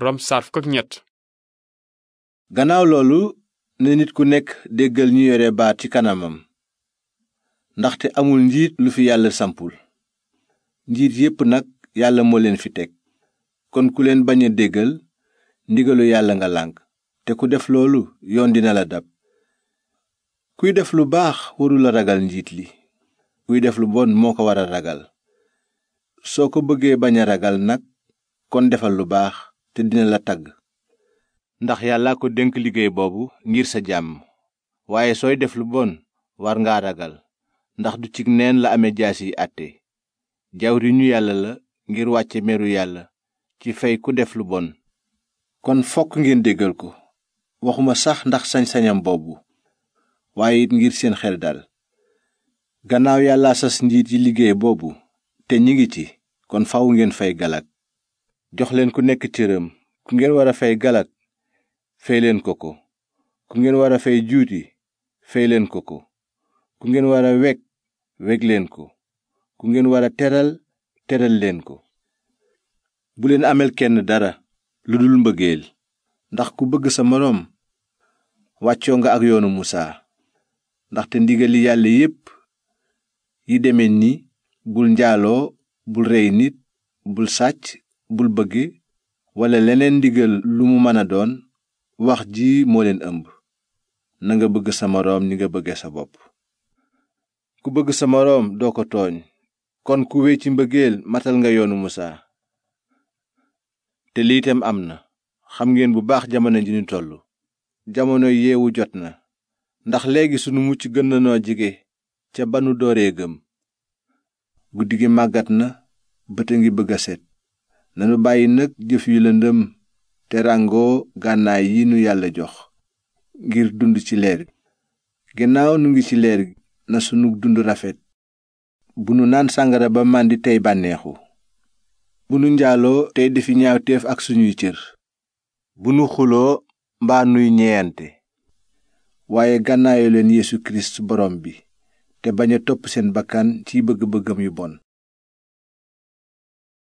rom saar fukk gannaaw loolu ne nit ku nekk déggal ñu yore baat ci kanamam ndaxte amul njiit lu fi yàlla sampul njiit yépp nag yàlla moo leen fi teg kon ku leen bañ a déggal ndigalu yàlla nga lànk te ku def loolu yoon dina la dab kuy def lu baax warul a ragal njiit li kuy def lu bon moo ko war a ragal soo ko bëggee bañ a ragal nag kon defal lu baax te dina la tagg ndax yàlla ko dénk liggéey boobu ngir sa jàmm waaye sooy def lu bon war nga ragal ndax du cig neen la ame jaasi yi àtte ñu yàlla la ngir wàcce meru yàlla ci fay ku def lu bon kon fokk ngeen déggal ko waxuma sax ndax sañ-sañam boobu waaye it ngir seen xel dal gannaaw yàlla sa njiit yi liggéey boobu te ñi ngi ci kon faw ngeen fay galak jox leen ku nekk cëram ku ngeen war a fay galak fay leen ko ko ku ngeen war a fay juuti fay leen ko ko ku ngeen war a weg weg leen ko ku ngeen war a teral teral leen ko bu leen amel kenn dara lu dul mbëggeel ndax ku bëgg sa moroom wàccoo nga ak yoonu musaa ndaxte li yàlla yépp yi deme ni bul njaaloo bul rey nit bul sàcc bul bëgge walla leneen ndigal lu mu mën a doon wax ji moo leen ëmb nanga bëgg sa moroom ni nga bëggee sa bopp ku bëgg sa moroom doo ko tooñ kon ku wéy ci mbëggeel matal nga yoonu musaa te liitam am na xam ngeen bu baax jamono ji ñu toll jamono yeewu jot na ndax léegi sunu mucc gën na noo jige ca banu dooree gëm guddi gi màggat na bët a ngi bëgg a set nanu bàyyi nag jëf yu lëndëm te ràngoo gànnaay yi nu yàlla jox ngir dund ci leer gi gannaaw nu ngi ci leer gi na sunu dund rafet bu nu naan sàngara ba màndi tey bànneexu bu nu njaaloo tey defi ñaawteef ak suñuy cër bu nu xuloo mbaa nuy ñeyante waaye gànnaayu leen yeesu kirist borom bi te bañ a topp seen bakkan ci bëgg-bëggam yu bon